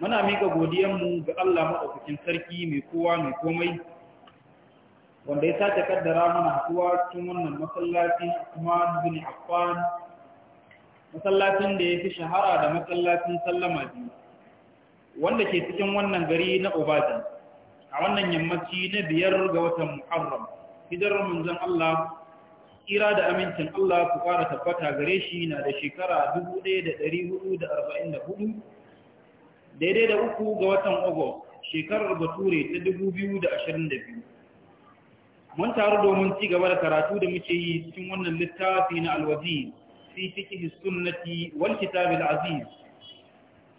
muna miƙa godiyanmu ga Allah maɗaukakin sarki mai kowa mai komai wanda ya sace kaddara mana haɗuwa cikin wannan masallaci kuma bin Affan masallacin da ya fi shahara da masallacin sallama biyu wanda ke cikin wannan gari na Obadi a wannan yammaci na biyar ga watan Muharram hijirar manzon Allah kira da amincin Allah ku fara tabbata gare shi na da shekara 1444 daidai da uku ga watan Ago shekarar Bature ta 2022. Mun taru domin ci gaba da karatu da muke yi cikin wannan littafi na alwazi fi fiqh sunnati wal kitab al aziz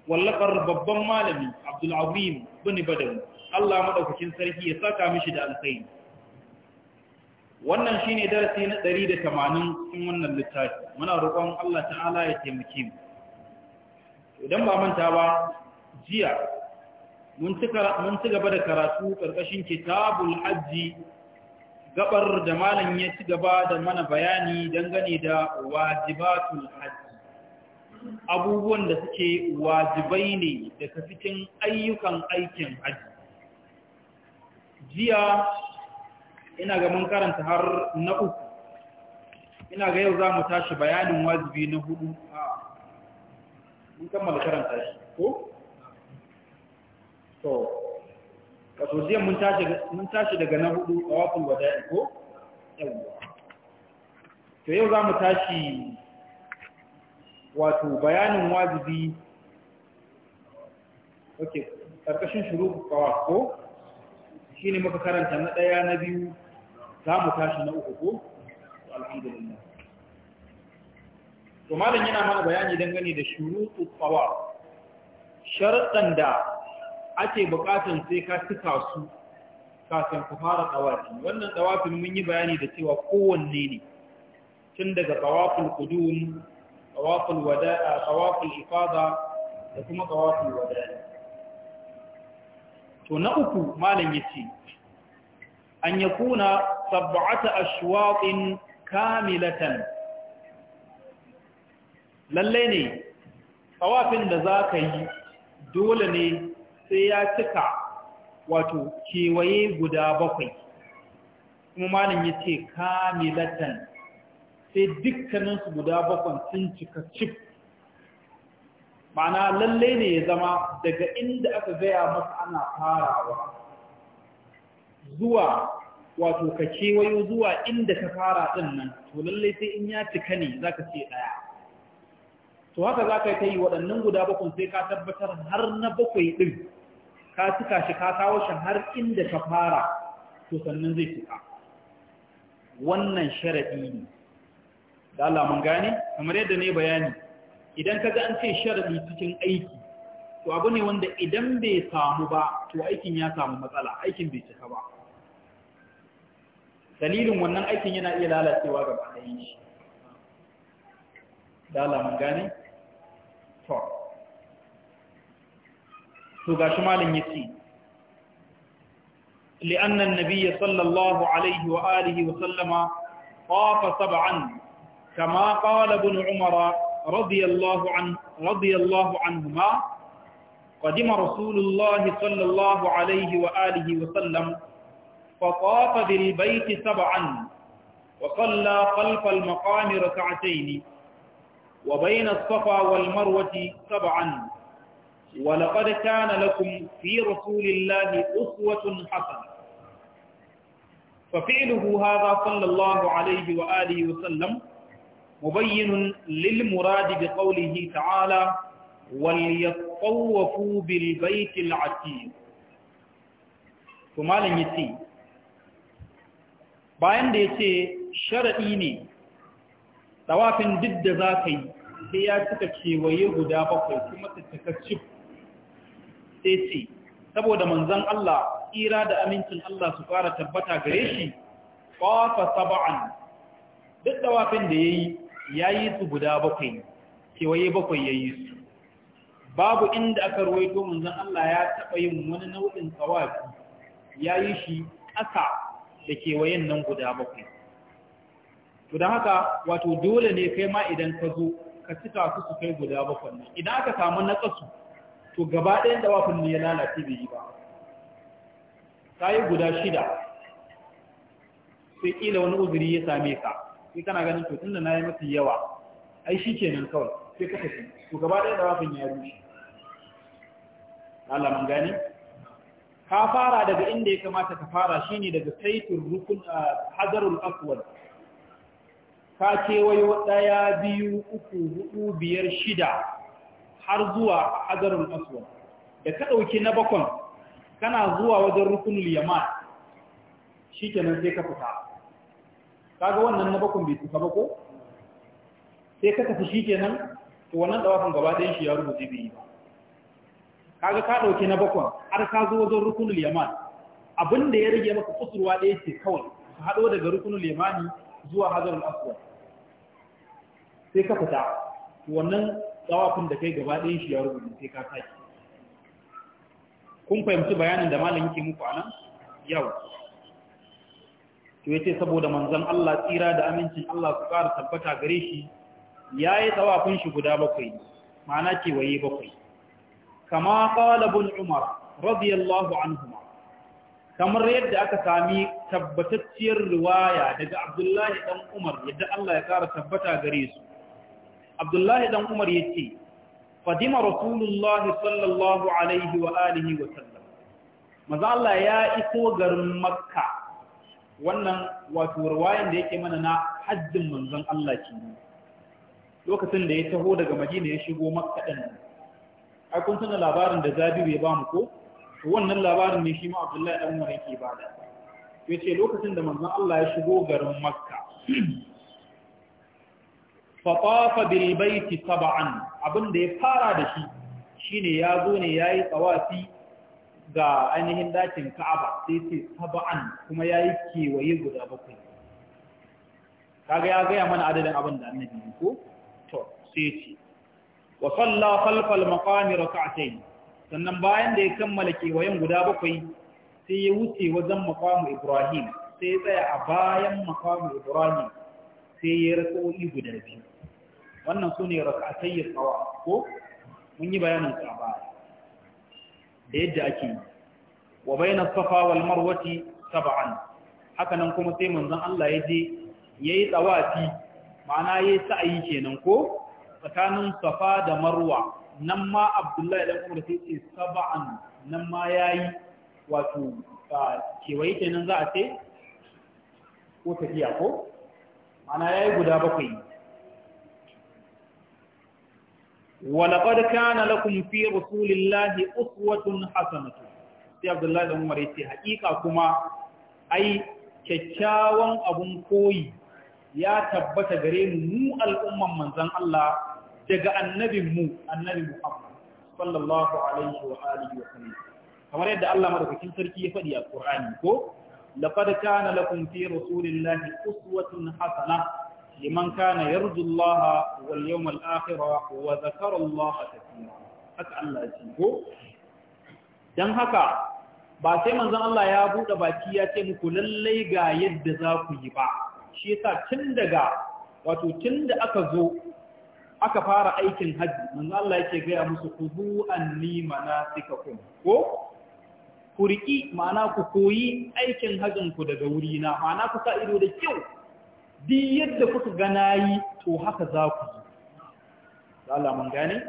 wallakar babban malami Abdul Azim bin Badawi Allah madaukakin sarki ya saka mishi da alkhairi. Wannan shine darasi na 180 cikin wannan littafi. Muna roƙon Allah ta'ala ya taimake mu. idan ba manta ba jiya mun ci gaba da karatu ƙarƙashin kitabul hajji gabar da malam ya ci gaba da mana bayani dangane da wajibatul hajji abubuwan da suke wajibai ne daga cikin ayyukan aikin hajji jiya ina ga mun karanta har na uku ina ga yau za mu tashi bayanin wajibi na hudu a mun kammala karanta shi ko? to wato jiya mun tashi mun tashi daga na hudu tawaful wada'i ko yawa to yau zamu tashi wato bayanin wajibi okay karkashin shuru tawaf ko shine muka karanta na daya na biyu zamu tashi na uku ko alhamdulillah to malam yana mana bayani dangane da shurutu tawaf sharatan da ake bukatan sai ka cika su kafin ku fara tsawafi wannan tsawafin mun yi bayani da cewa kowanne ne tun daga tsawafin kudum tsawafin wada'a tsawafin ifada da kuma tsawafin wada'a to na uku malam yace an yakuna sab'ata ashwaqin kamilatan lalle ne tsawafin da za ka yi dole ne sai ya cika wato kewaye guda bakwai kuma malin ya ce kamilatan sai dukkaninsu guda bakwai sun cika cif mana lalle ne ya zama daga inda aka gaya masa ana farawa zuwa wato ka kewayo zuwa inda ka fara ɗin nan to lalle sai in ya cika ne za ka ce ɗaya to haka za ka yi ta yi waɗannan guda bakwai sai ka tabbatar har na bakwai ɗin ka tuka shi ka kawo shi har inda ka fara to sannan zai tuka wannan sharadi ne da Allah mun gane kamar yadda ne bayani idan ka ga an ce sharadi cikin aiki to abu ne wanda idan bai samu ba to aikin ya samu matsala aikin bai cika ba dalilin wannan aikin yana iya lalacewa gaba ɗayan shi da Allah mun gane to to ga shi malin yace li anna an sallallahu alayhi wa alihi wa sallama qafa sab'an kama qala ibn umar radiyallahu an radiyallahu anhuma qadima rasulullah sallallahu alayhi wa alihi wa sallam faqafa bil bayt sab'an wa qalla qalf al wa bayna safa wal marwa sab'an ولقد كان لكم في رسول الله أسوة حسنة ففعله هذا صلى الله عليه وآله وسلم مبين للمراد بقوله تعالى وليطوفوا بالبيت العتيق ثم لن يتي bayan da ya ce sharaɗi ne tawafin duk da za ka yi sai ya cika kewaye guda bakwai kuma ta cika cif sai ce saboda manzon Allah tsira da amincin Allah su fara tabbata gare shi qafa sab'an duk dawafin da yayi yayi su guda bakwai kewaye bakwai yayi su babu inda aka ruwaito manzon Allah ya taba yin wani nau'in tsawafi yayi shi ƙasa da kewayen nan guda bakwai to haka wato dole ne kai ma idan ka zo ka cika su su kai guda bakwai idan aka samu na ƙasu to gaba ɗayan wafin ne ya lalace bai yi ba ka yi guda shida sai ƙila wani uzuri ya same ka sai kana ganin to tunda na yi mafi yawa ai shi nan kawai sai ka tafi to gaba ɗaya wafin ya rushe Allah mun gani ka fara daga inda ya kamata ka fara shine daga saitul rukun hajarul aswad ka kewayo ɗaya biyu uku hudu biyar shida har zuwa a hadarin aswa da ka ɗauki na bakon kana zuwa wajen rukunul yaman shi kenan sai ka fita kaga wannan na bakon bai tuka ba ko sai ka tafi shi kenan to wannan dawafin gaba ɗayan shi ya rubuce bai yi ba kaga ka ɗauki na bakon har ka zo wajen rukunul yaman abin da ya rage maka kusurwa ɗaya ce kawai ka hado daga rukunul yamani zuwa hadarin aswa sai ka fita wannan tsawafin da kai gaba ɗin shi ya rubuta sai ka sake kun fahimci bayanin da malami yake muku anan yau to yace saboda manzon Allah tsira da amincin Allah su ƙara tabbata gare shi yayi tsawafin shi guda bakwai ma'ana ke waye bakwai kama qala umar radiyallahu ma. kamar yadda aka sami tabbatacciyar riwaya daga Abdullahi Ɗan Umar yadda Allah ya ƙara tabbata gare su abdullahi dan umar ya ce fadima rasulullahi sallallahu alaihi wa alihi wa sallam maza Allah ya iso garin makka wannan wato ruwayan da yake mana na hajjin manzon Allah ke lokacin da ya taho daga madina ya shigo makka din ai kun san labarin da zabi bai ba mu ko wannan labarin ne shi ma abdullahi dan umar yake bada yace lokacin da manzon Allah ya shigo garin makka fatafa bil baiti sab'an abin da ya fara da shi shine ya zo ne yayi tsawafi ga ainihin dakin Ka'aba sai ce sab'an kuma yayi kewaye guda bakwai kaga ya ga mana adadin abin da annabi ko to sai ce wa salla khalfa maqami rak'atayn sannan bayan da ya kammala kewayen guda bakwai sai ya wuce wajen maqamu Ibrahim sai ya tsaya a bayan maqamu Ibrahim sai ya rako'i guda biyu wannan su ne raka'atayya tsawa ko mun yi bayanin su ba. da yadda ake yi wa bayyana safa wal marwati saba'an haka nan kuma sai manzon Allah ya je yayi tsawafi ma'ana yayi sa'ayi kenan ko tsakanin safa da marwa nan ma abdullahi dan umar sai ce saba'an nan ma yayi wato kewaye kenan za a ce ko tafiya ko ma'ana yayi guda bakwai ولقد كان لكم في رسول الله أسوة حسنة sai Abdullahi da Umar yace haƙiƙa kuma ai kyakkyawan abun koyi ya tabbata gare mu mu al'umman manzon Allah daga annabin mu annabi Muhammad sallallahu alaihi wa alihi wa sallam kamar yadda Allah madaukakin sarki ya faɗi a Qur'ani ko laqad kana lakum fi rasulillahi uswatun hasanah liman kana yarjullaha wal yawmal akhir wa dhakara Allah haka Allah ya ko dan haka ba sai manzon Allah ya bude baki ya ce muku lallai ga yadda za ku yi ba shi yasa tun daga wato tun da aka zo aka fara aikin hajji manzo Allah yake gaya musu kudu anni manasikakum ko ku ma'ana ku koyi aikin hajinku ku daga wuri na ma'ana ku sa ido da kyau duk yadda kuka ga nayi to haka za ku yi Allah mun gane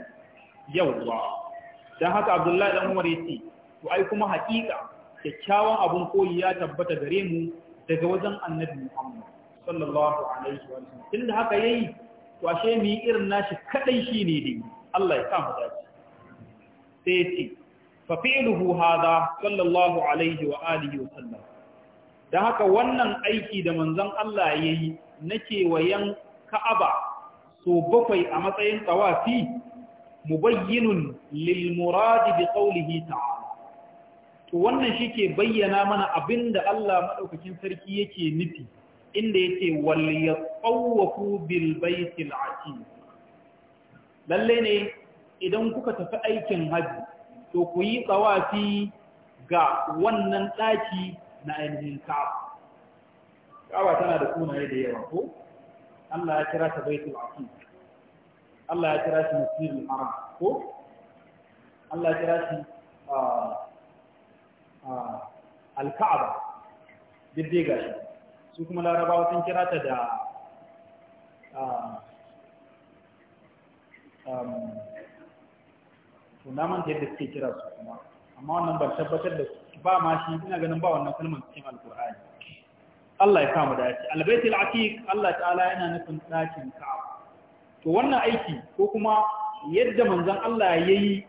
yawwa dan haka Abdullahi dan Umar ya ce. to ai kuma hakika kyakkyawan abin koyi ya tabbata gare mu daga wajen Annabi Muhammad sallallahu alaihi wa sallam tunda haka yayi to ashe mu yi irin nashi kadai shine dai Allah ya sa mu dace sai yace fa fi'luhu hadha sallallahu alaihi wa alihi wa sallam da haka wannan aiki da manzon Allah ya yi na kewayen ka'aba so bakwai a matsayin tsawafi mubayyinun lil muradi bi qawlihi ta'ala to wannan shike bayyana mana abinda Allah madaukakin sarki yake nufi inda yace wal yaqawwafu bil baitil lalle ne idan kuka tafi aikin haji to ku yi tsawafi ga wannan ɗaki na ainihin ka'aba ka'aba tana da sunaye da yawa ko Allah ya kira ta baitul aqim Allah ya kira shi masjidul haram ko Allah ya kira shi ah, ah, al-ka'aba didde gashi su kuma larabawa sun kira ta da sunaman ah, um, da yadda suke kira su kuma amma wannan ban tabbatar da su ba ma shi ina ganin ba wannan kalmar cikin alkur'ani Allah ya kama dace albaitul aqiq Allah ta'ala yana nufin dakin ka'aba to wannan aiki ko kuma yadda manzon Allah yayi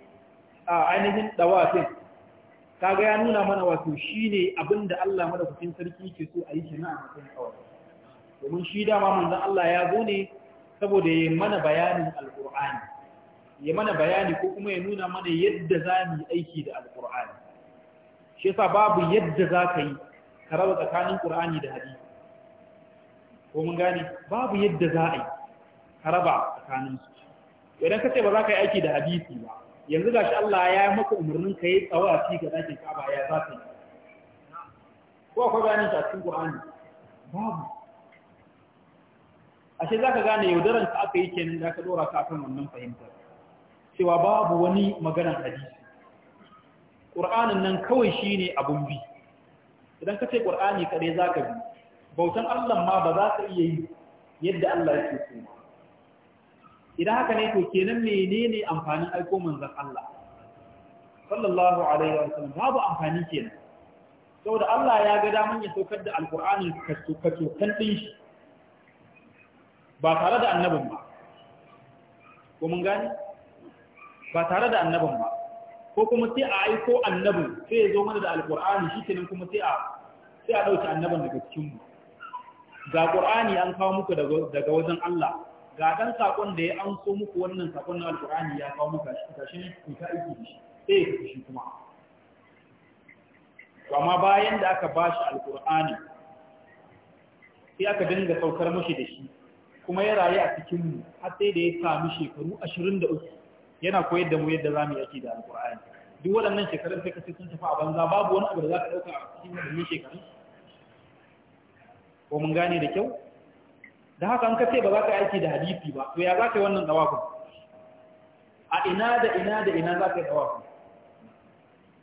a ainihin dawafin kaga ya nuna mana wato shine abinda Allah madaukakin sarki yake so a yi shi na a matsayin kawai domin shi dama manzon Allah ya zo ne saboda ya mana bayanin alkur'ani ya mana bayani ko kuma ya nuna mana yadda za mu yi aiki da alkur'ani shi yasa babu yadda za ka yi ka raba tsakanin ƙur'ani da hadisi ko mun gane babu yadda za a yi ka raba tsakanin su idan ka ce ba za ka yi aiki da hadisi ba yanzu gashi Allah ya yi maka umarnin ka yi tsawo a ci ga ɗakin Ka'aba ya za ka yi ko akwai gane shi a cikin Qur'ani babu ashe za ka gane yaudaran ka aka yi kenan da ka dora ka akan wannan fahimtar cewa babu wani maganar hadisi ƙur'anin nan kawai shi ne abun bi idan ka ce ƙur'ani kaɗai za ka bi bautan allah ma ba za ka iya yi yadda allah yake so idan haka ne to kenan menene amfanin aiko manzan allah sallallahu alaihi wa sallam babu amfani kenan saboda allah ya ga daman ya saukar da alƙur'anin kacokan ɗin shi ba tare da annabin ba ko mun gane ba tare da annabin ba ko kuma sai a aiko annabin sai ya zo mana da alƙur'ani shi kenan kuma sai a sai a ɗauki annabin daga cikinmu ga ƙur'ani an kawo muku daga wajen Allah ga dan sakon da ya an muku wannan saƙon na alƙur'ani ya kawo muku ga shi ku ta aiki da shi sai ya tafi shi kuma amma bayan da aka ba shi alƙur'ani sai aka dinga saukar mashi da shi kuma ya rayu a cikin mu har sai da ya sami shekaru ashirin da yana koyar da mu yadda za mu yaki da alƙur'ani duk waɗannan shekarun sai ka ce sun tafi a banza babu wani abu da za ka ɗauka a cikin waɗannan shekarun ko mun gane da kyau da haka an kace ba za ka aiki da hadisi ba to ya za ka yi wannan dawafin a ina da ina da ina za ka yi dawafin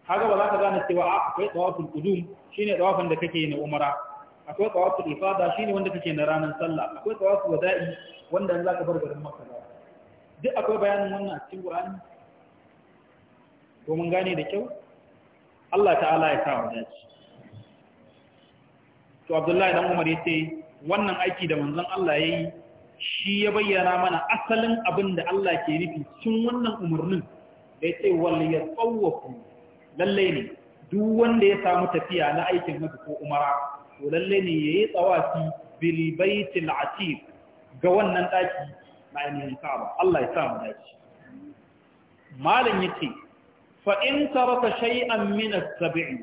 kaga ba za ka gane cewa ah, akwai dawafin kudum shine dawafin da kake na umara akwai dawafin ifada shine wanda kake na ranar sallah akwai dawafin wada'i wanda za ka bar garin makka duk akwai bayanin wannan a cikin Qur'ani ko mun gane da kyau Allah ta'ala ya sa wa dace to Abdullahi dan Umar yace wannan aiki da manzon Allah yayi shi ya bayyana mana asalin abin da Allah ke nufi cikin wannan umarnin da ya wallahi ya tsawafu lalle ne duk wanda ya samu tafiya na aikin haka ko umara to lalle ne yayi tsawafi bil baitil atiq ga wannan daki na ainihin ka'aba Allah ya sa mu dace malam yace fa in taraka shay'an min as-sab'i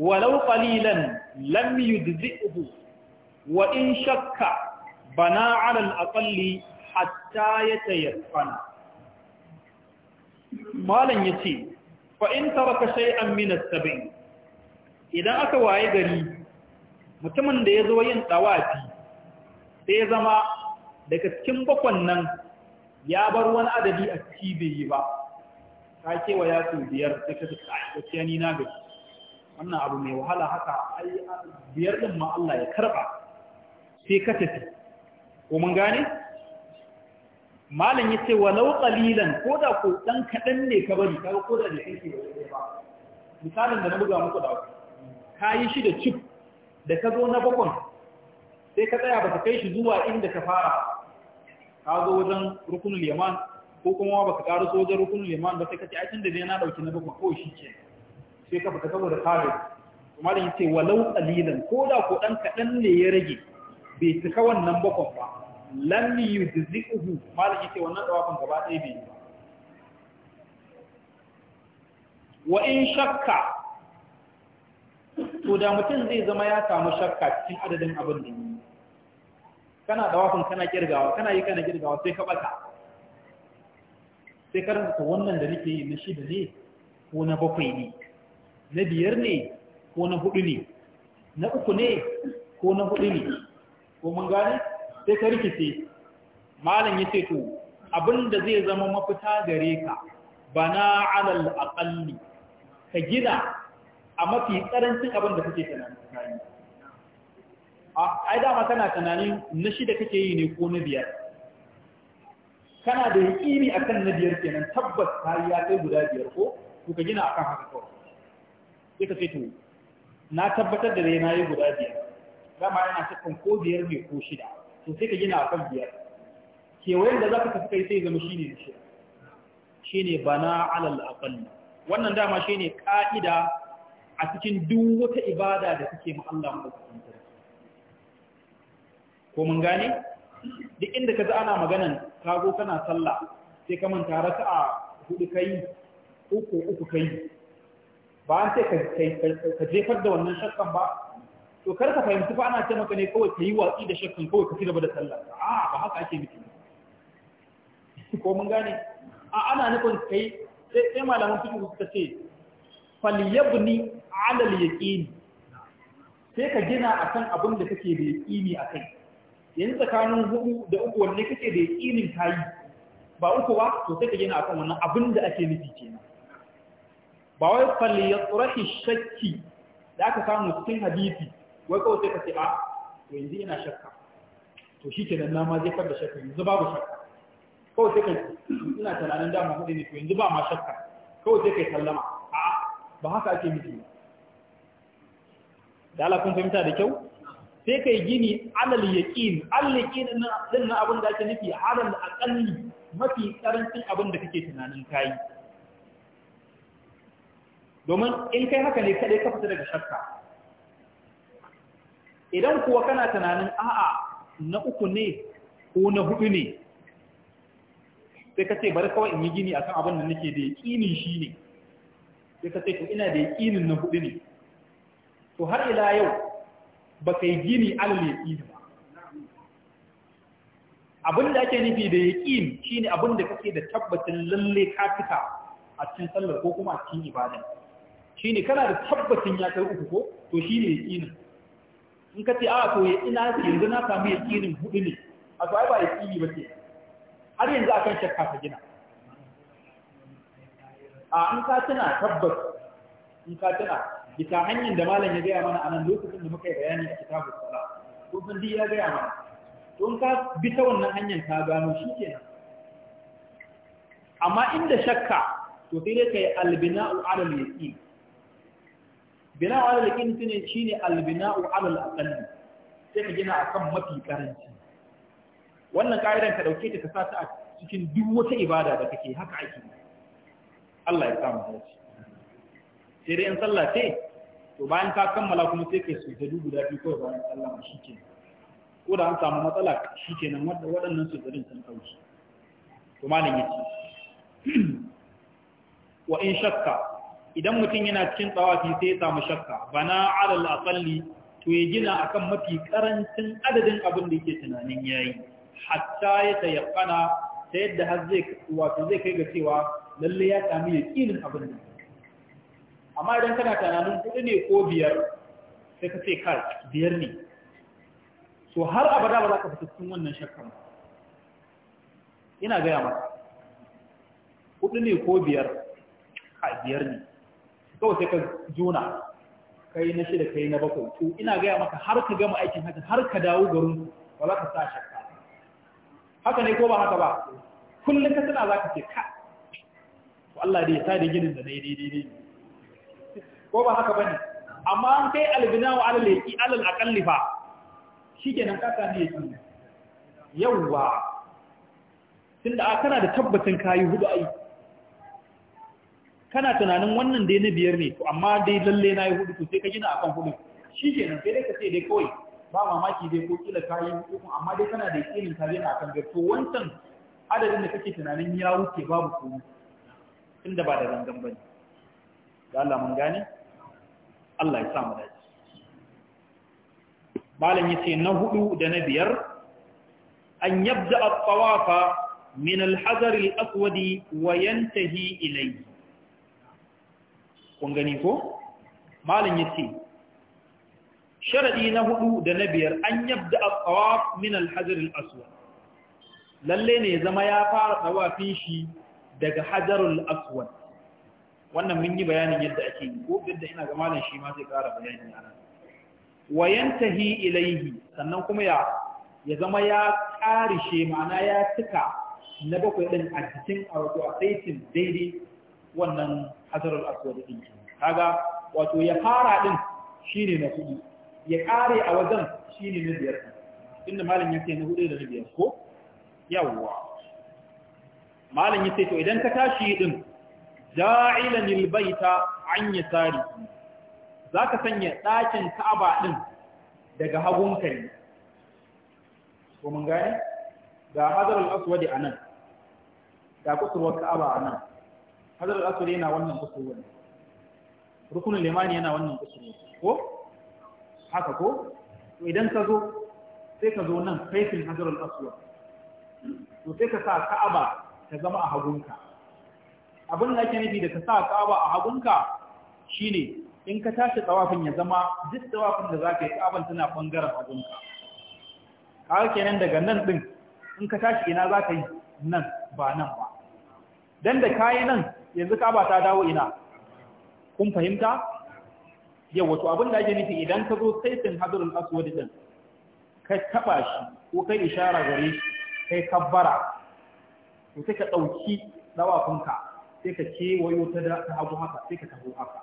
walau qalilan lam yujzi'hu wa in shakka bana 'ala al-aqalli hatta yatayaqqana malam yace fa in taraka shay'an min as-sab'i idan aka waye gari mutumin da ya zo yin ɗawafi, sai zama daga cikin bakwan nan ya bar wani adadi a ciki bai yi ba ka kewa ya su biyar sai ka suka gaskiya ni na gari. wannan abu mai wahala haka biyar din ma Allah ya karba sai ka tafi ko mun gane malam yace walau qalilan ko da ko dan kadan ne ka bari ka ko da da kake ba misalin da na buga muku da yi shi da chip da ka zo na bakon sai ka tsaya ba ka kai shi zuwa inda ka fara ka zo wajen rukunul yaman ko kuma ba ka ƙara so wajen rukunul yaman ba sai ka ce ai tun da dai na ɗauki na bakwai kawai shi ke sai ka fita saboda kare kuma da yace walau qalilan ko da ko dan kadan ne ya rage bai tuka wannan bakon ba lam yujzihu malaki ce. wannan dawafin gaba ɗaya bai yi ba wa in shakka to da mutum zai zama ya samu shakka cikin adadin abin da yake kana dawafin kana kirgawa kana yi kana kirgawa sai ka baka sai ka rasa wannan da nake yi na shida ne ko na bakwai ne na biyar ne ko na hudu ne na uku ne ko na hudu ne ko mun gane sai ka rikice malam ya ce to abinda zai zama mafita gare ka bana alal aqalli ka gina a mafi karancin abin da kake tunanin kai ai dama kana tunani na shida kake yi ne ko na biyar kana da yaƙini akan na biyar kenan tabbas ta ya kai guda biyar ko ku ka gina akan haka kawai sai ka ce to na tabbatar da na yi guda biyar dama yana cikin ko biyar ne ko shida to sai ka gina akan biyar kewayen da za ka tafi kai sai zama shine na Shi shine bana alal aqall wannan dama shine ka'ida a cikin duk wata ibada da kake ma Allah mu ko mun gane duk inda ka ji ana maganan kago kana sallah sai ka manta raka'a hudu kai uku uku kai ba an sai ka jefar da wannan shakkan ba to kar ka fahimci fa ana taimaka ne kawai ka yi watsi da shakkan kawai ka ci gaba da sallah a ba haka ake miki ko mun gane a ana nufin kai sai malaman fiqh suka ce falyabni ala al-yaqin sai ka gina akan abin da kake da yaqini akai yanzu tsakanin hudu da uku wanne kake da yakinin kayi ba uku ba to sai ka gina akan wannan abin da ake nufi kenan ba wai falli ya tsurahi shakki da aka samu cikin hadisi wai kawai sai ka ce a to yanzu ina shakka to shi kenan na ma zai far da shakka yanzu babu shakka kawai sai ka ina tunanin dama hudu ne to yanzu ba ma shakka kawai sai ka sallama a ba haka ake nufi ba da ala kun fahimta da kyau sai kai gini alal yaqin al yaqin din na abin da ake nufi alal aqalli mafi karancin abin da kake tunanin kai domin in kai haka ne kadai ka fita daga shakka idan kuwa kana tunanin a'a na uku ne ko na hudu ne sai ka ce bari kawai in yi gini akan abin da nake da yaqinin shi ne sai ka ce to ina da yaqinin na hudu ne to har ila yau ba ka yi gini alal yaqini ba abinda ake nufi da ya yaqin shine abinda kake da tabbatin lalle ka fita a cikin sallar ko kuma a cikin shi shine kana da tabbatin ya kai uku ko to shi ne ya yaqinin in ka ce a ah, to ya ina yanzu na samu yaqinin hudu ne a to ai ba yaqini ba ce har yanzu a kan shakka ka gina a in ka tana tabbas in ka tana bisa hanyar da malam ya gaya mana a nan lokacin da muka yi bayani a kitabu sala ko san ya gaya mana to in ka bi ta wannan hanyar ka gano shi kenan amma inda shakka to sai dai kai albina'u ala yaqin bina'u ala al-yaqin shine albina'u alal a sai ka gina akan mafi karanci wannan ka'idan ka ɗauke ta ka sa ta a cikin duk wata ibada da kake haka ake Allah ya samu dace sai dai in sallah ce to bayan ka kammala kuma sai kai sujjadu guda biyu kawai bayan shi ke ko da an samu matsala shi shikenan waɗannan zarin sun kauce to malam yace wa in shakka idan mutum yana cikin tsawafi sai ya samu shakka bana alal asalli to ya gina akan mafi karancin adadin abin da yake tunanin yayi hatta ya tayyana ta yadda har zai wato zai kai ga cewa lalle ya samu yaqinin abin da amma idan kana tunanin kuɗi ne ko biyar sai ka ce kai biyar ne so har abada ba za ka cikin wannan shakkar ba ina gaya maka kuɗi ne ko biyar ka biyar ne kawai sai ka juna kai na shida kai na bakwai to ina gaya maka har ka gama aikin haka har ka dawo garin ba za ka sa shakka haka ne ko ba haka ba kullum ka tana za ka ce ka to Allah dai ya sa da ginin da daidai dai. ko ba haka bane amma an kai albina wa alal yaki alal aqalli fa shikenan ka ne yaki yawa tunda a kana da tabbacin kayi hudu ai kana tunanin wannan dai na biyar ne to amma dai lalle nayi hudu to sai ka gina akan hudu shikenan sai dai ka ce dai kawai ba mamaki dai ko kila kayi hudu amma dai kana da yakinin ka gina akan ga to wancan adadin da kake tunanin ya wuce babu komai tunda ba da zangan bane da Allah mun gane Allah ya sa samu dace malam ya ce na hudu da na biyar an yabda a tsawafa min alhazari hajar al-aswad wa yantahi ilayhi kun gani ko malam ya ce sharadi na hudu da na biyar an yabda a tawaf min al-hajar al-aswad lalle ne zama ya fara tawafin shi daga hajarul aswad wannan mun yi bayanin yadda ake yi ko yadda ina ga malam shi ma zai ƙara bayani a nan wa yantahi ilaihi sannan kuma ya ya zama ya ƙarishe ma'ana ya tuka na bakwai din a cikin wato a saitin daidai wannan hajarul aswad din kaga wato ya fara din shine na kudi ya ƙare a wajen shine na biyar inda malam yake na hudu da na biyar ko yawwa malam yace to idan ka tashi din ja'ilan baita an yasari zaka sanya ɗakin Ka'aba din daga hagun kai ko mun gane ga hadarul aswadi anan ga kusurwar Ka'aba anan hadarul aswadi yana wannan kusurwar rukunin limani yana wannan kusurwar ko haka ko to idan ka zo sai ka zo nan faifin hajarul aswadi to sai ka sa ka'aba ta zama a hagunka abin da ake nufi da ka sa kaba a hagunka shine in ka tashi tsawafin ya zama duk tsawafin da za ka yi kaban tana ɓangaren hagunka kawo kenan daga nan ɗin in ka tashi ina za ka yi nan ba nan ba don da ka yi nan yanzu kaba ta dawo ina kun fahimta yau wato abin da ake nufi idan ka zo saitin hadurin aswadi ɗin ka taɓa shi ko kai ishara gare shi kai kabbara ko sai ka ɗauki tsawafinka. sai ka kewayo ta ta hagu haka sai ka taho haka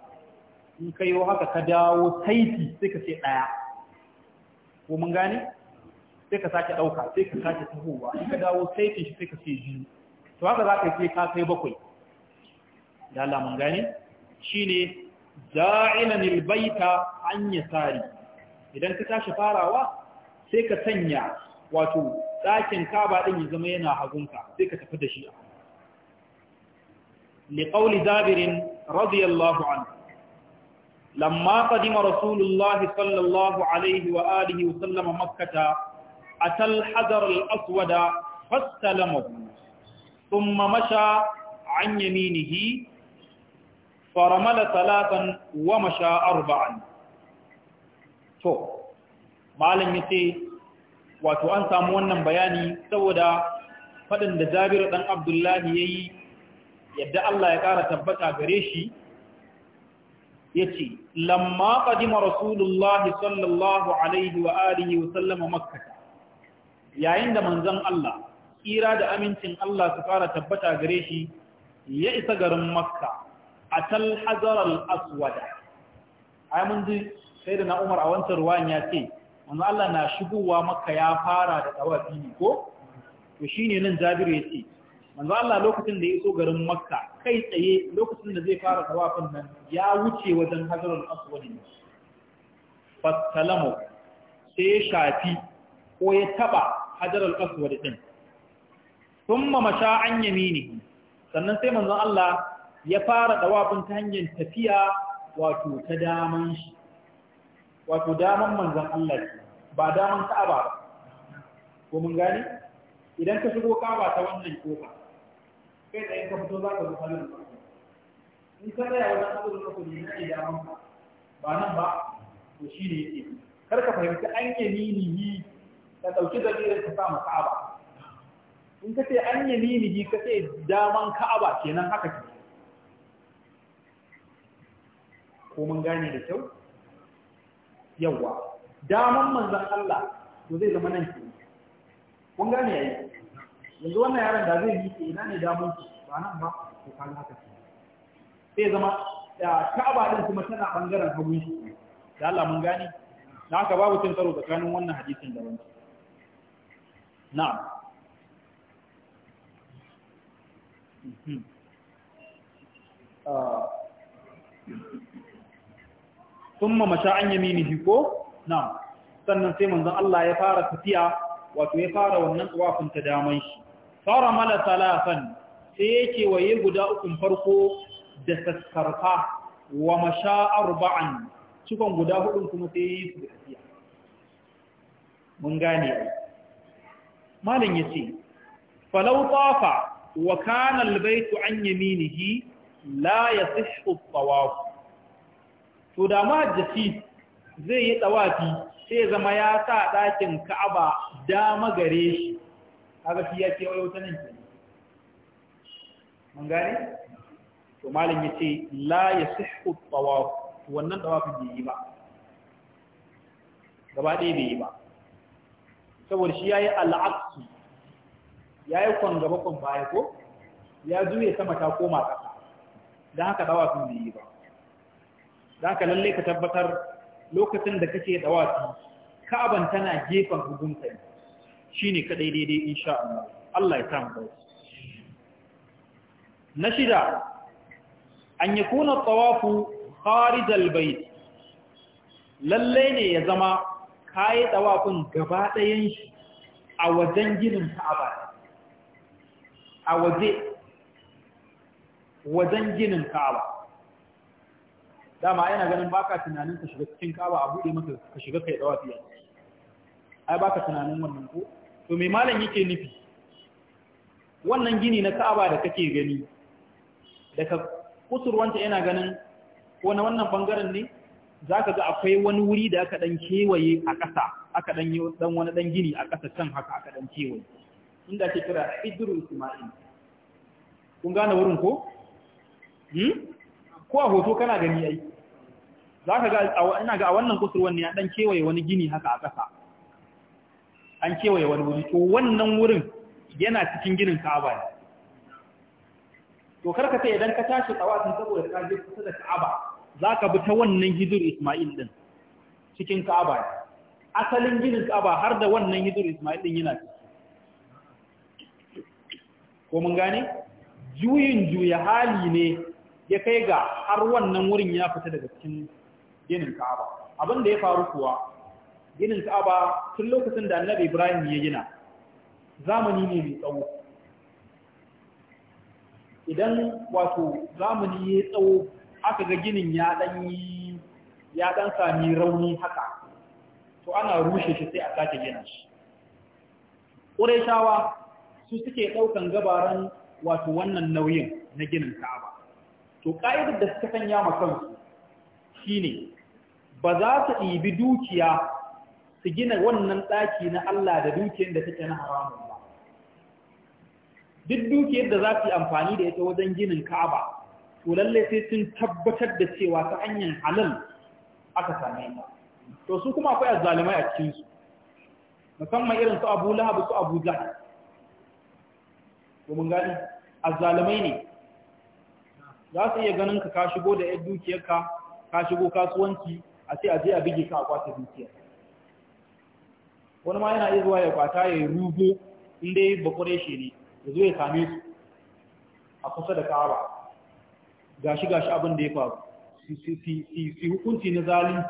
in ka yi haka ka dawo taiti sai ka ce ɗaya ko mun gane sai ka sake ɗauka sai ka sake tahowa in ka dawo taiti shi sai ka ce biyu to haka za ka ka kai bakwai da Allah mun gane shine bai ta an tsari idan ka tashi farawa sai ka sanya wato ɗakin kaba ɗin ya zama yana hagunka sai ka tafi da shi a لقول جابر رضي الله عنه لما قدم رسول الله صلى الله عليه وآله وسلم مكة أتى الحجر الأسود فاستلمه ثم مشى عن يمينه فرمل ثلاثا ومشى أربعا تو معلم يتي وتو أنسى موانا بياني سودا فدن دزابر أن عبد الله يي yadda Allah ya ƙara tabbata gare shi ya ce lamma ƙadima rasulullah sallallahu alaihi wa alihi wa sallama makkata yayin da manzan Allah kira da amincin Allah su ƙara tabbata gare shi ya isa garin makka a talhazar al'aswada ai mun sai da na umar a wancan ruwan ya ce wanzu Allah na shigowa Makka ya fara da tsawafi ne ko? to shi ne nan jabiru ya ce manzo Allah lokacin da ya iso garin Makka kai tsaye lokacin da zai fara tawafin nan ya wuce wajen Hajarul Aswad ne fatalamu sai ya shafi ko ya taba Hajarul Aswad din thumma masha an yaminihi sannan sai manzo Allah ya fara tawafin ta hanyar tafiya wato ta daman shi wato daman Allah ba daman Ka'aba ba ko mun gane idan ka shigo Ka'aba ta wannan kofa kai tsaye ka fito za ka halin in ka tsaya azurin ka ba nan ba to shi ne yake kar ka fahimci an ka ɗauki dalilin ka sa aba in ka ce an ka ce daman ka'aba kenan haka ke ko mun gane da kyau yawwa daman manzon Allah to zai zama nan ke kun gane yayi yanzu wannan yaron da zai miƙe ina ne damun su ba nan ba to ka haka sai zama da ka'aba din kuma tana bangaren hagu da Allah mun gane da haka babu cin tsaro tsakanin wannan hadisin da wancan na'am mhm. ah. thumma masha an yaminihi ko Na. sannan sai manzon Allah ya fara tafiya wato ya fara wannan tsawafin ta daman shi fara mala talafan sai yake waye guda ukun farko da saskarfa wa masha ba'an cikon guda hudun kuma sai yi su gaskiya mun gane malin ya ce falau tafa wa kana albaytu an yaminihi la yasihhu tawaf to da ma jafi zai yi tawafi sai zama ya sa dakin ka'aba dama gare shi kaga shi ya wai wata nan ke mun gane to malam ya ce la ya sihhu tawaf wannan tawaf bai yi ba gaba ɗaya bai yi ba saboda shi ya yi al'aqsu ya yi kwan gaba kwan baya ko ya juye sama ta koma ƙasa don haka tawafin bai yi ba don haka lallai ka tabbatar lokacin da kake tawafi ka'aban tana gefen hukunta ne Shi ne kadai daidai insha Allah Allah ya samu ɗau. na shida an yi kuna tsawafu kharij dalbai lalle ne ya zama kayi tsawafin gaba ɗayan shi a wajen ginin Ka'aba a waje wajen ginin Ka'aba dama yana ganin baka tunanin ka shiga cikin Ka'aba a bude maka ka shiga kai tawafi ai baka tunanin wannan ko to me malam yake nufi wannan gini na Ka'aba da kake gani daga kusurwanta yana ganin ko na wannan bangaren ne zaka ga akwai wani wuri da aka dan kewaye a ƙasa aka dan yi dan wani dan gini a ƙasa can haka aka dan kewaye inda ake kira Idrul Ismail kun gane wurin ko hmm ko a hoto kana gani ai zaka ga ina ga a wannan kusurwan ne ya dan kewaye wani gini haka a ƙasa an kewaye wani wuri to wannan wurin yana cikin ginin ka'aba ne to karka sai idan ka tashi tsawatin saboda ka je kusa da ka'aba zaka bi ta wannan hidur Isma'il din cikin ka'aba ne asalin ginin ka'aba har da wannan hidur Isma'il din yana ciki ko mun gane juyin juya hali ne ya kai ga har wannan wurin ya fita daga cikin ginin ka'aba abin da ya faru kuwa ginin Ka'aba tun lokacin da Annabi Ibrahim ya gina zamani ne mai tsawo idan wato zamani ya tsawo aka ga ginin ya dan sami rauni haka to ana rushe shi sai a sake gina shi shawa su suke daukan gabaran wato wannan nauyin na ginin Ka'aba to ƙa'idar da suka sanya ma kansu shine ba za su ɗibi dukiya su gina wannan ɗaki na Allah da dukiyar da take na haramun ba duk dukiyar da za su yi amfani da ita wajen ginin Ka'aba to lalle sai sun tabbatar da cewa ta hanyar halal aka same ta to su kuma akwai azzalumai a cikin su musamman irin su Abu Lahab su Abu Jahl ko mun gani azzalumai ne za su iya ganin ka ka shigo da yar dukiyarka ka shigo kasuwanci a ce a je a bige ka a kwace dukiyar wani ma yana iya zuwa ya kwata ya yi inda ya yi bakure shi ne ya zo ya same su a kusa da shi, gashi gashi abin da ya faru si hukunci na zalunci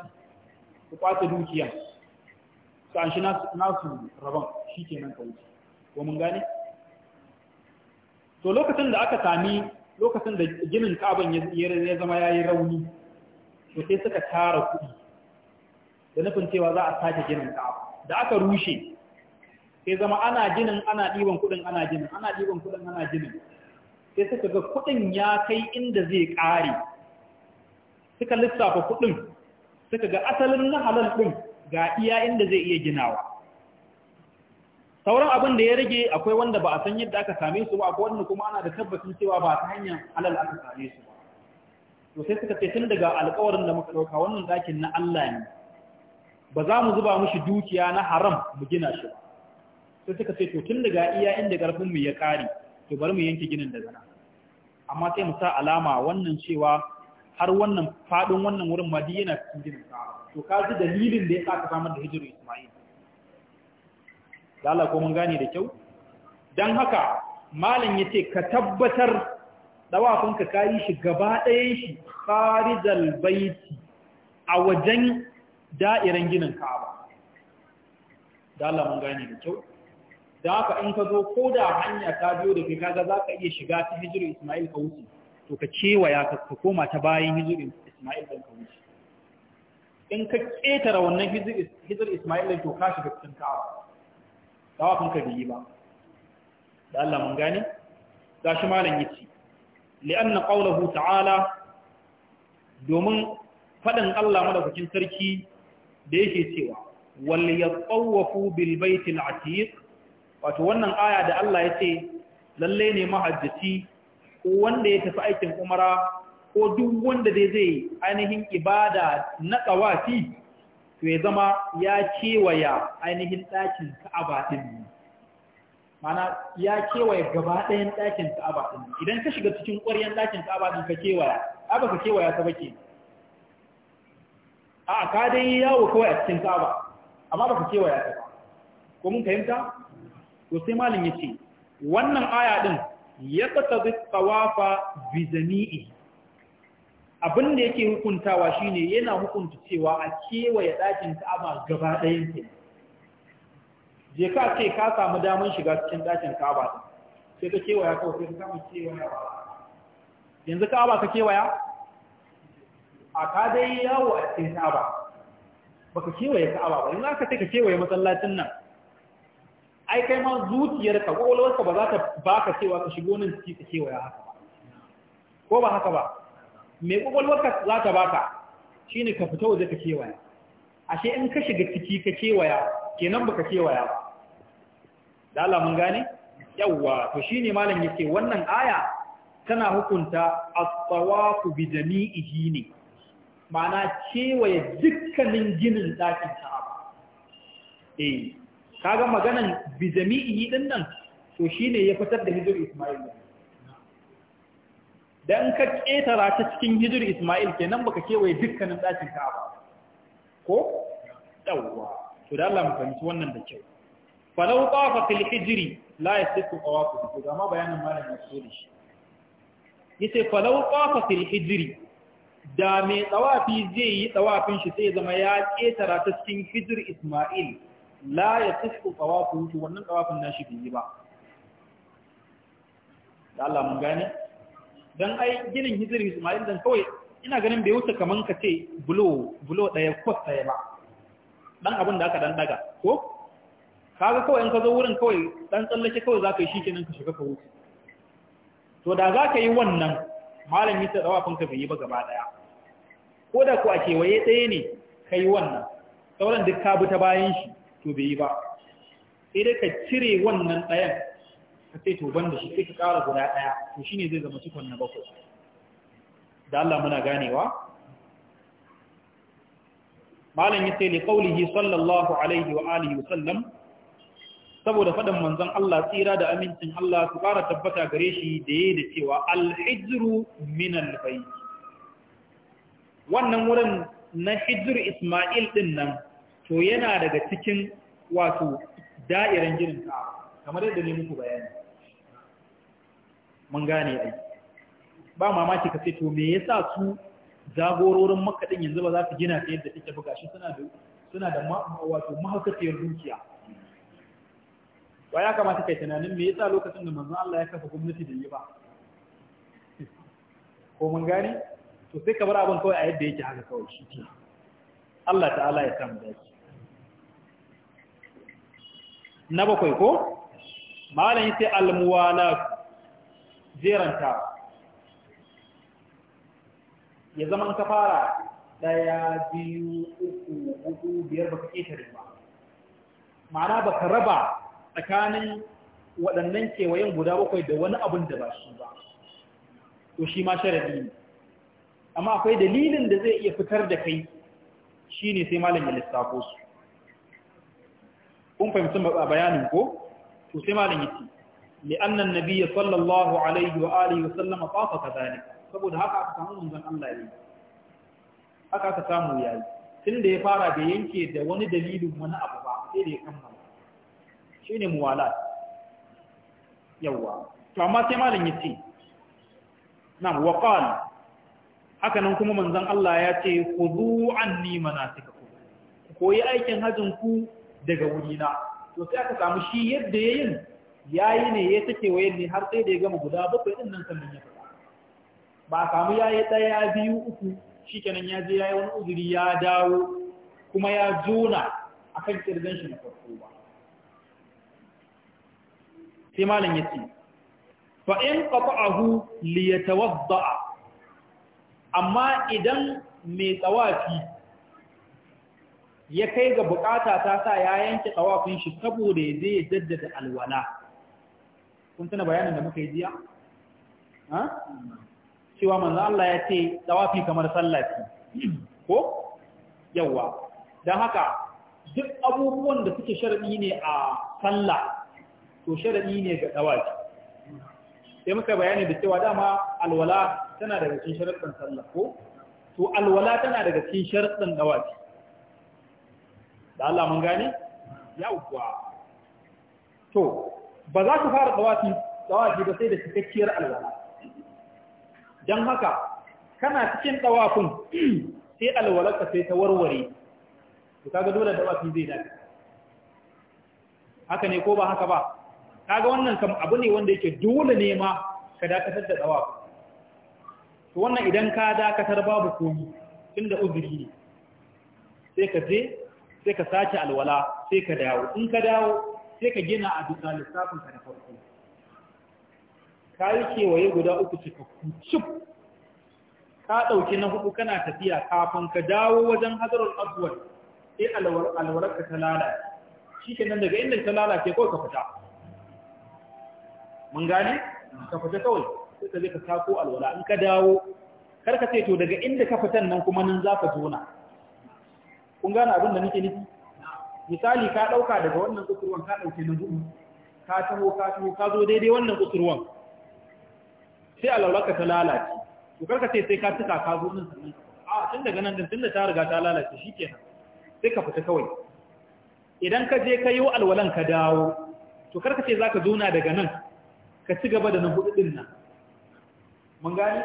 su kwata dukiya su an shi nasu rabon shi ke ka wuce ko mun gane to lokacin da aka sami lokacin da ginin kaban ya zama ya yi rauni to sai suka tara kuɗi da nufin cewa za a sake ginin kaban da aka rushe sai zama ana ginin ana ɗiban kuɗin ana ginin ana ɗiban kuɗin ana ginin sai suka ga kuɗin ya kai inda zai ƙare suka lissafa kuɗin suka ga asalin na halal ɗin ga iya inda zai iya ginawa sauran abin da ya rage akwai wanda ba a san yadda aka same su ba akwai wanda kuma ana da tabbacin cewa ba ta hanyar halal aka same su ba to sai suka ce tun daga alƙawarin da muka ɗauka wannan ɗakin na Allah ne ba za mu zuba mushi dukiya na haram mu gina shi ba sai suka ce to tun daga iya inda garfin mu ya kare to bari mu yanke ginin daga nan amma sai mu sa alama wannan cewa har wannan fadin wannan wurin ma yana cikin ginin ka to ka ji dalilin da ya sa ka samar da hijiru Isma'il Allah ko mun gane da kyau dan haka malam yace ka tabbatar dawafin ka kayi shi gaba ɗayan shi kharijal baiti a wajen da'iran ginin ka'aba da Allah mun gane da kyau da haka in ka zo ko da hanya ta biyo da kai kaga za ka iya shiga ta hijirar Ismail ka wuce to ka cewaya ka koma ta bayan hijirar Ismail ka wuce in ka ƙetare wannan hijirar Ismail to ka shiga cikin ka'aba da kan ka biyi ba da Allah mun gane shi malam yace li'anna qawluhu ta'ala domin faɗin Allah madaukakin sarki da yake cewa wal yatawafu bil baitil atiq wato wannan aya da Allah ya ce lalle ne mahajjaci ko wanda ya tafi aikin umara ko duk wanda dai zai ainihin ibada na tsawafi to ya zama ya kewaya ainihin dakin ka'aba din mana ya kewaya gaba ɗayan dakin ka'aba din idan ka shiga cikin ƙwaryan dakin ka'aba din ka kewaya aka ka kewaya ta bake a ka dai yawo kawai a cikin kaba amma ba baka kewaya ta ko mun fahimta to sai ya yace wannan aya din ya bi tawafa bi zami'i abin da yake hukuntawa shine yana hukunta cewa a kewaye ɗakin Ka'aba gaba ɗayan ke je ka ce ka samu damar shiga cikin ɗakin kaba sai ka kewaya kawai sai ka samu ba. yanzu kaba ka kewaya a ka dai yawo a cikin ka'aba baka kewaye ka'aba ba in za ka ka kewaye masallacin nan ai kai ma zuciyarka kwakwalwarka ba za ta baka cewa ka shigo nan ciki ka kewaye haka ba ko ba haka ba mai kwakwalwarka za ta baka shine ka fita waje ka kewaye ashe in ka shiga ciki ka kewaya kenan baka kewaya ba da Allah mun gane yawa to shine malam yake wannan aya tana hukunta as-tawafu bi jami'ihi ne ma'ana kewaye dukkanin ginin ɗakin ka'aba eh kaga maganan bijami'i din nan to shine ya fitar da hijir Ismail dan ka ketara ta cikin hijir Ismail kenan baka kewaye dukkanin ɗakin ka'aba ko ɗauwa. to da Allah mu fahimci wannan da kyau falau tafa fil hijri la yasifu tawafu to amma bayanin malam ya so da shi yace falau tafa fil hijri da mai tsawafi zai yi tsawafin shi sai zama ya ƙetara ta cikin hijir Ismail la ya tusko tsawafin shi wannan tsawafin nashi bai yi ba. Da Allah mun gane? Don ai ginin hijir Ismail don kawai ina ganin bai wuce kaman ka ce bulo ɗaya kwas ɗaya ba. Ɗan abin da aka ɗan ɗaga, ko? Kaga kawai in ka zo wurin kawai ɗan tsallake kawai za ka yi shi kenan ka shiga ka wuce. To da za ka yi wannan malam yi tsawafin ka bai yi ba gaba daya ko da ku a kewaye ɗaya ne ka yi wannan sauran duk ka bi ta bayan shi to bai yi ba sai dai ka cire wannan ɗayan ka sai to banda shi sai ka ƙara guda ɗaya to ne zai zama cikon na bakwai da Allah muna ganewa malam ya sai li sallallahu alaihi wa alihi wa sallam saboda faɗin manzon Allah tsira da amincin Allah su ƙara tabbata gare shi da yayi da cewa al-hijru min al wannan wurin na hijru Isma'il din nan to yana daga cikin wato da'iran jirin ka kamar yadda ne muku bayani mun gane ai ba mamaki ka ce to me yasa su zagororin makaɗin yanzu ba za su gina ta yadda take buga shi suna da suna da wato mahaukaciyar dukiya wa ya kamata kai tunanin me yasa lokacin da manzon Allah ya kafa gwamnati da yi ba ko mun gane to sai ka bar abin kawai a yadda yake haka kawai shi ke Allah ta'ala ya samu dace na bakwai ko malam yace almuwala jeranta ya zaman ka fara daya biyu uku hudu biyar baka ƙetare ba ma'ana baka raba tsakanin waɗannan kewayen guda bakwai da wani abin da ba su ba to shi ma sharadi ne amma akwai dalilin da zai iya fitar da kai shi ne sai malam ya lissafo su kun fahimci bayanin ko to sai malam ya ce لأن النبي صلى الله عليه وآله وسلم طاف كذلك saboda haka aka samu manzon Allah yayi haka aka samu yayi tun da ya fara da yanke da wani dalilin wani abu ba sai da ya kammala shine muwalat yawa to amma sai malam yace nan wa qala haka nan kuma manzon Allah ya ce khudu anni manasikakum ku koyi aikin hajin ku daga wurina to sai aka samu shi yadda yayin yayi ne ya take wayan ne har sai da ya gama guda bakwai din nan sannan ya ba samu yayi daya biyu uku shi shikenan ya je yayi wani uzuri ya dawo kuma ya jona akan kirgan shi na farko ba sai malam ya ce fa in qata'ahu li yatawadda amma idan mai tsawafi ya kai ga bukata ta sa ya yanke tsawafin shi saboda ya je ya jaddada alwala kun tana bayanin da muka yi jiya cewa Allah ya ce tsawafi kamar sallafi ko yawwa? don haka duk abubuwan da suke sharaɗi ne a sallah to sharadi ne ga dawaki sai muka bayani da cewa dama alwala tana daga cikin sharadin sallah ko to alwala tana daga cikin sharadin dawaki da Allah mun gane uwa to ba za ku fara dawaki dawaki ba sai da cikakkiyar alwala dan haka kana cikin dawafin sai alwalarka sai ta warware ka ga dole dawafi zai dace haka ne ko ba haka ba kaga wannan kam abu ne wanda yake dole ne ma ka dakatar da dawafi to wannan idan ka dakatar babu komi, tunda uzuri ne sai ka je sai ka sace alwala sai ka dawo in ka dawo sai ka gina a bisa lissafin ka na farko ka yi kewaye guda uku ka kuci ka ɗauki na hudu kana tafiya kafin ka dawo wajen hadarul abuwan sai alwalar ka ta lalace shi ke daga inda ta lalace ko ka fita mun gane ka fita kawai sai ka je ka sako alwala in ka dawo kar ka ce to daga inda ka fitan nan kuma nan za ka tona kun gane abin da nake nufi misali ka dauka daga wannan kusurwan ka dauke na gudu ka taho ka taho ka zo daidai wannan kusurwan sai alwala ka ta lalace to kar ka ce sai ka tuka ka zo nan sannan a tun daga nan din tunda ta riga ta lalace shikenan sai ka fita kawai idan ka je ka yi alwalan ka dawo to ka ce za ka zuna daga nan ka ci gaba da na hudu nan mun gani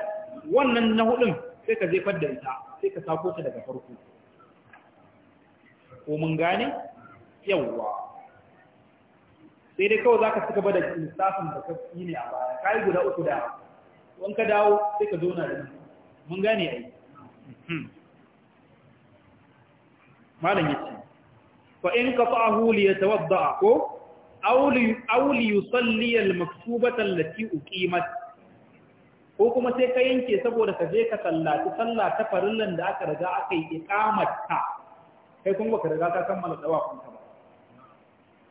wannan na hudun sai ka jefar da ita sai ka sako ta daga farko ko mun gane yawwa sai dai kawai za ka ci gaba da lissafin da ka yi ne a baya yi guda uku da wani ka dawo sai ka zauna da nan mun gane yi hmm. malam yace fa in qata'ahu li yatawadda ko auli al maktubatan lati uqimat ko kuma sai ka yanke saboda ka je ka sallati sallah ta farillan da aka riga aka yi iqamatta kai kuma baka riga ka kammala dawafin ka ba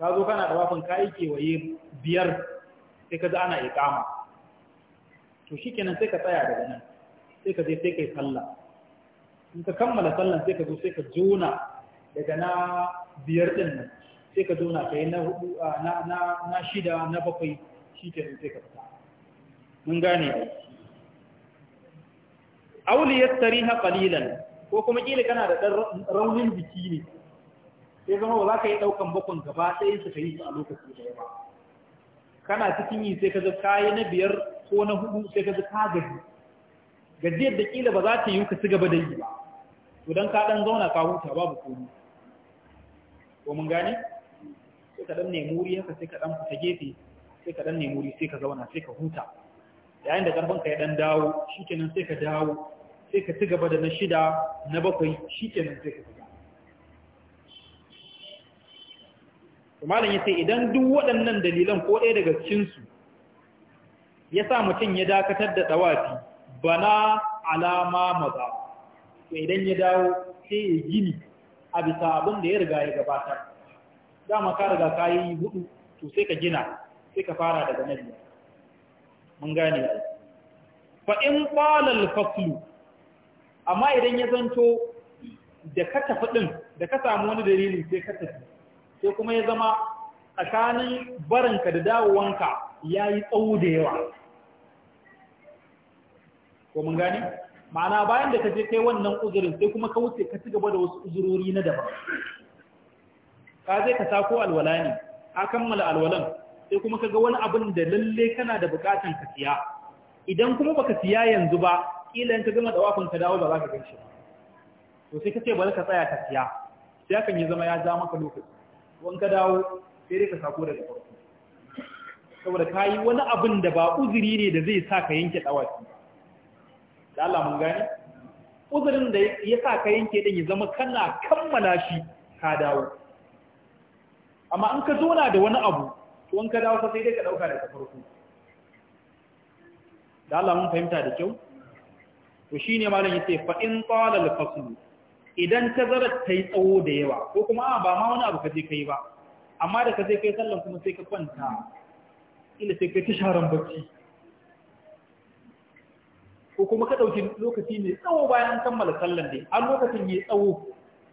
ka zo kana dawafin ka yi waye biyar sai ka ji ana iqama to shikenan sai ka tsaya daga nan sai ka je sai kai sallah in ka kammala sallan sai ka zo sai ka jona daga na biyar din nan sai ka zauna ka yi na hudu na shida na bakwai shi ke sai ka fita mun gane ai auli yastariha qalilan ko kuma kila kana da dan raunin jiki ne sai zama ba za ka yi daukan bakon gaba ɗaya su ka yi a lokaci da yawa. kana cikin yi sai ka zo kayi na biyar ko na hudu sai ka zo ka gaji gajiyar da kila ba za ta yi ka ci gaba da yi ba to ka dan zauna ka huta babu komai ko mun gane sai ka dan nemi wuri haka sai ka dan fita gefe sai ka dan nemi wuri sai ka zauna sai ka huta yayin da karfin ka ya dan dawo shikenan sai ka dawo sai ka ci gaba da na shida na bakwai shikenan sai ka fita malam yace idan duk waɗannan dalilan ko ɗaya daga cikin su ya sa mutum ya dakatar da dawafi bana alama maza to idan ya dawo sai ya gini a bisa abin da ya riga ya gabatar dama ka riga ka yi hudu to sai ka gina sai ka fara daga na biyu mun gane ai fa in qala al faslu amma idan ya zanto da ka tafi din da ka samu wani dalili sai ka tafi sai kuma ya zama tsakanin barinka da dawowanka yayi tsawo da yawa ko mun gane ma'ana bayan da ka je kai wannan uzurin sai kuma ka wuce ka ci gaba da wasu uzurori na daban ka je ka sako alwala ne ka kammala alwalan sai kuma ka ga wani abin da lalle kana da bukatan ka siya idan kuma baka siya yanzu ba kila in ka gama wafin ka dawo ba za ka ganshi ba to sai ka ce bari ka tsaya ka siya sai hakan ya zama ya ja maka lokaci wan ka dawo sai dai ka sako daga farko saboda ka yi wani abin da ba uzuri ne da zai sa ka yanke dawaki da Allah mun gane uzurin da ya sa ka yanke din ya zama kana kammala shi ka dawo amma an ka zona da wani abu to an ka dawo sai dai ka dauka daga farko da Allah mun fahimta da kyau to shine malam yace fa in qala al-fasl idan ka ta yi tsawo da yawa ko kuma a ba ma wani abu ka je kai ba amma da ka je kai sallan kuma sai ka kwanta ila sai kai ta sharan bacci ko kuma ka dauki lokaci mai tsawo bayan kammala sallan dai an lokacin yi tsawo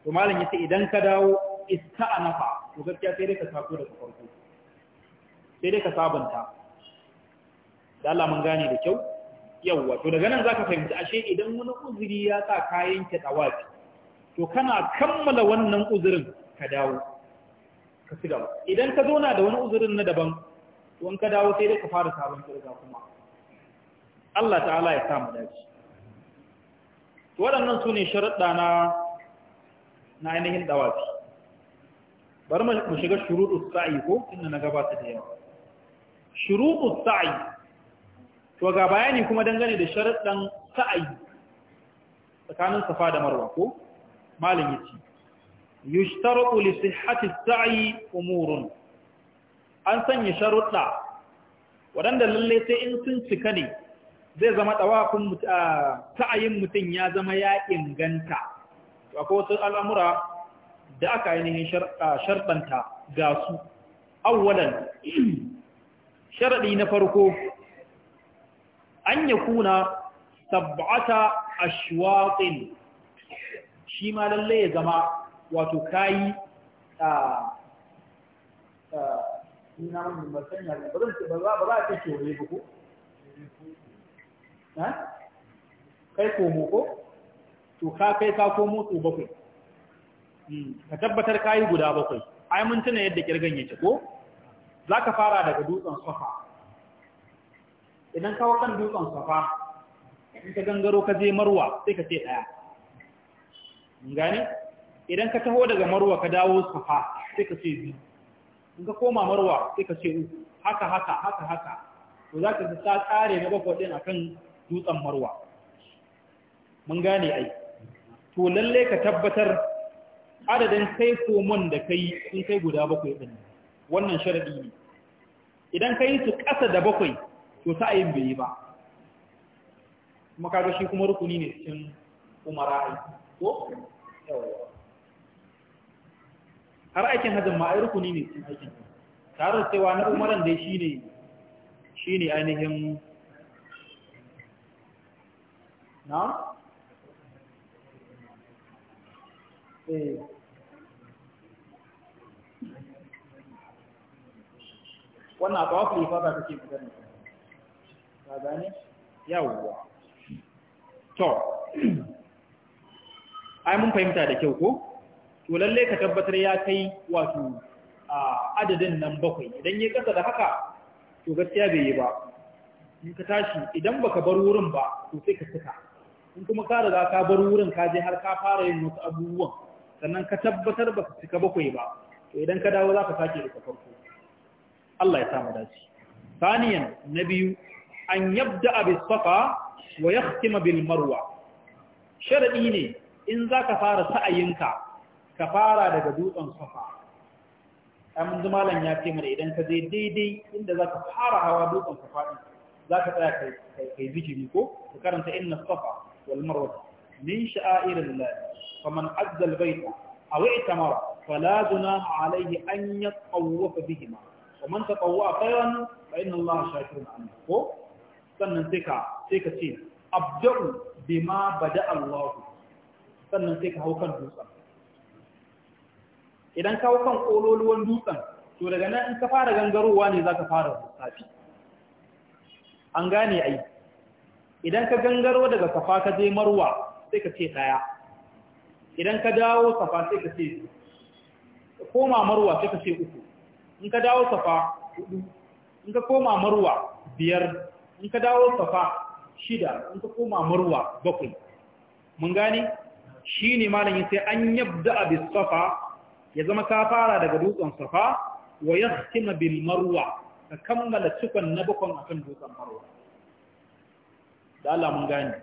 to malam yace idan ka dawo ista'anafa to gaskiya sai dai ka sako daga farko sai dai ka sabanta da Allah mun gane da kyau yawwa to daga nan zaka fahimci ashe idan wani uzuri ya sa kayan ki tawafi to kana kammala wannan uzurin ka dawo ka ci gaba idan ka zauna da wani uzurin na daban to in ka dawo sai dai ka fara sabon kirga kuma Allah ta'ala ya sa mu dace to waɗannan sune ne sharuɗa na na ainihin dawafi Bar mu shiga shuruɗu sa'i ko inda na gabata da yawa shuruɗu sa'i to ga bayani kuma dangane da sharaɗin sa'i tsakanin safa da marwa ko malin yace yushtaratu li sihhati sa'i umurun an sanya sharuɗa waɗanda lalle sai in sun cika ne zai zama tawafin sa'ayin mutum ya zama ya inganta akwai wasu al'amura da aka ainihin sharɗanta ga su awwalan sharaɗi na farko an ya kuna sabbata ashwatin shi ma lalle ya zama wato kayi a ina mun ba sanya ba ba za ba ce wani buku ha kai komo ko to ka kai ka komo to bakwai ka tabbatar ka yi guda bakwai ai mun tuna yadda kirgan yake ko za ka fara daga dutsen safa idan kawo kan dutsen safa in ka gangaro ka je marwa sai ka ce ɗaya gane idan ka taho daga marwa ka dawo safa sai ka ce biyu in ka koma marwa sai ka ce uku haka haka haka haka to za ka ji ta tsare na bakwai ɗin akan dutsen marwa mun gane ai to lalle ka tabbatar adadin kai komon da kai sun kai guda bakwai ɗin wannan sharaɗi ne idan ka yi su ƙasa da bakwai to ayin bai yi ba kuma kaga shi kuma rukuni ne cikin umara ko har aikin hajjin ma ai rukuni ne cikin aikin tare da cewa na umaran dai shine shine ainihin na eh wannan a tawaful ifada kake magana ka gane yawwa to ai mun fahimta da kyau ko to lalle ka tabbatar ya kai wato adadin nan bakwai idan ya kasa da haka to gaskiya bai yi ba in ka tashi idan baka bar wurin ba to sai ka saka in kuma ka riga ka bar wurin ka je har ka fara yin wasu abubuwan sannan ka tabbatar baka cika bakwai ba to idan ka dawo za ka sake ka farko Allah ya samu dace saniyan na biyu an yabda abis safa wa yahtima bil marwa ne in zaka fara sa'ayinka ka fara daga dutsen safa amma malam ya ce mana idan ka je daidai inda zaka fara hawa dutsen safa za zaka tsaya kai kai zikiri ko ka karanta inna safa wal marwa min sha'airillah faman azza al bayta aw i'tamara fala junaha alayhi an bihi bihima ومن تطوع خيرا فإن الله شاكر عليم ko sannan sai ka sai ka ce abda'u bima bada Allah sannan sai ka hau kan dutsen idan ka hau kan kololuwan dutsen to daga nan in ka fara gangarowa ne zaka fara safi an gane ai idan ka gangaro daga safa ka je marwa sai ka ce daya idan ka dawo safa sai ka ce koma marwa sai ka ce uku in ka dawo safa hudu in ka koma marwa biyar in ka dawo safa shida in ka koma marwa bakwai mun gane shi ne malamin sai an yabda abis safa ya zama ka fara daga dutsen safa wa yahtima bil marwa ka kammala cikon na bakon akan dutsen marwa da Allah mun gane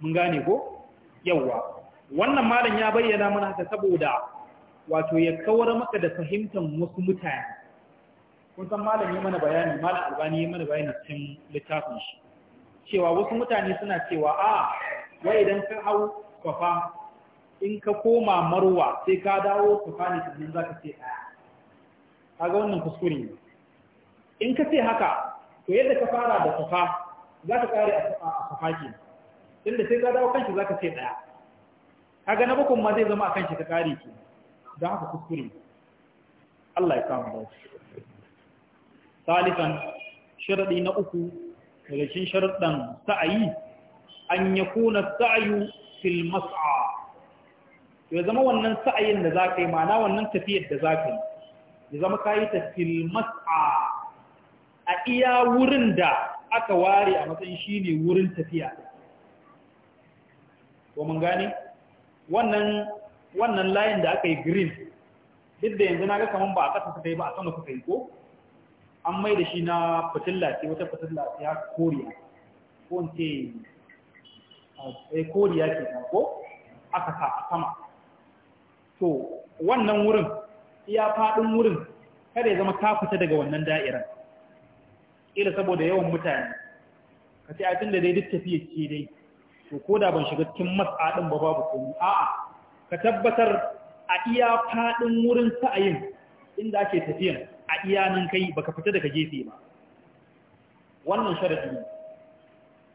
mun gane ko yawa wannan malam ya bayyana mana ta saboda wato ya kawar maka da fahimtar wasu mutane kun san malam ya mana bayani malam albani ya mana bayani cikin littafin shi cewa wasu mutane suna cewa a wai idan ka hau kwafa in ka koma marwa sai ka dawo kwafa ne sannan za ka ce ɗaya ga wannan kuskure ne in ka ce haka to yadda ka fara da kwafa za ka kare a kwafa ke Inda sai ka dawo kanshi za ka ce ɗaya kaga na bakon ma zai zama a kanshi ka kare ke don aka kuskure Allah ya samu dace salisan sharadi na uku daga cikin sharadan sa'ayi an kuna sa'ayu fil mas'a ya zama wannan sa'ayin da zaka yi ma'ana wannan tafiyar da zaka yi ya zama yi ta fil mas'a a iya wurin da aka ware a matsayin shine wurin tafiya ko mun gane wannan wannan layin da aka yi green duk da yanzu na ga kamar ba a kasa sai ba a sama kuka yi ko an mai da shi na fitilla ce wata fitilla ce ya koriya ko in ce a ah, eh, koriya ke ta ko aka sa a sama to wannan wurin iya faɗin wurin kada ya zama ta fita daga wannan da'irar ila saboda yawan mutane ka ce a tun da dai duk tafiya ce dai to ko da ban shiga cikin mas'adin ba babu komi a'a ka tabbatar a iya faɗin wurin sa'ayin inda ake tafiyan a iya nan kai ka fita daga jefe ba wannan sharadi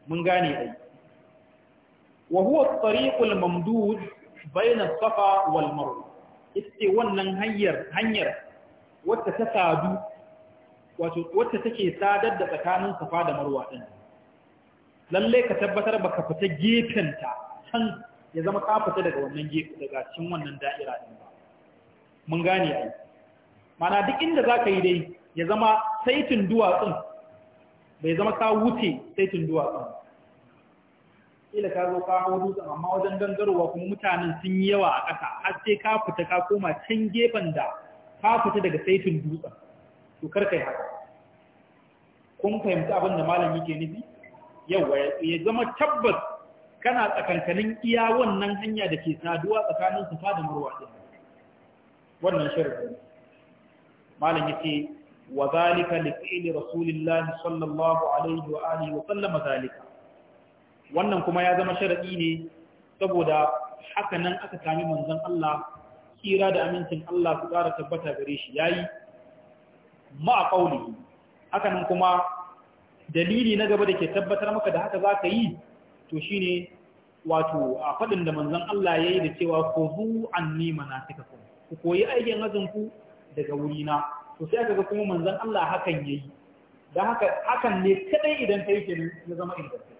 mun gane ɗai. wa huwa Tsari tariqul mamdud bayan safa walmaru, ita wannan hanyar wata ta sadu wata take sadar da tsakanin safa da maruwa ɗin. lalle ka tabbatar ba ka fita gefenta can ya zama ka fita daga wannan gefe daga cikin wannan da'ira din ba mun gane ai mana duk inda zaka yi dai ya zama saitin duwatsun bai zama ka wuce saitin duwatsun ila ka zo ka hau dutsen amma wajen gangarowa kuma mutanen sun yi yawa a ƙasa har sai ka fita ka koma can gefen da ka fita daga saitin dutsen to kar kai haka kun fahimci abin da malam yake nufi Yau ya zama tabbas kana tsakankanin iya wannan hanya da ke saduwa tsakanin safa da marwa ɗin wannan sharadi malam yace wa zalika li fi'li rasulillah sallallahu alaihi wa alihi wa sallam zalika wannan kuma ya zama sharadi ne saboda haka nan aka sami manzon Allah kira da amincin Allah su ƙara tabbata gare shi yayi ma qauli haka nan kuma dalili na gaba da ke tabbatar maka da haka zaka yi to shine wato a faɗin da manzon Allah ya yi da cewa ko zu an nima na suka kuma ku koyi aikin hazin ku daga wurina to sai aka ga kuma manzon Allah hakan ya yi da haka hakan ne kadai idan kai ke ya zama ingantacce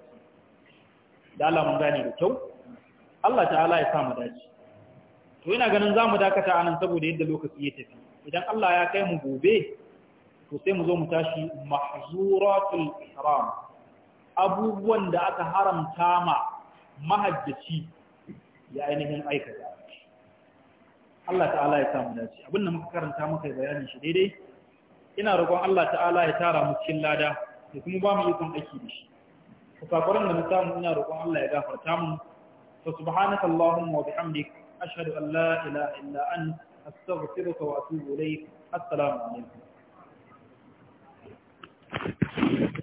da Allah mun gane da kyau Allah ta'ala ya sa mu dace to ina ganin za mu dakata anan saboda yadda lokaci ya tafi idan Allah ya kai mu gobe to sai mu zo mu tashi mahzuratul ihram abubuwan da aka haramta ma mahajjaci ya ainihin aikata Allah ta'ala ya samu dace abin da muka karanta muka bayanin shi daidai ina roƙon Allah ta'ala ya tara mu cikin lada da kuma ba mu ikon aiki da shi kusakuran da na samu ina roƙon Allah ya gafarta mu wa subhanaka allahumma wa bihamdik ashhadu an la ilaha illa an astaghfiruka wa atubu ilayk assalamu alaikum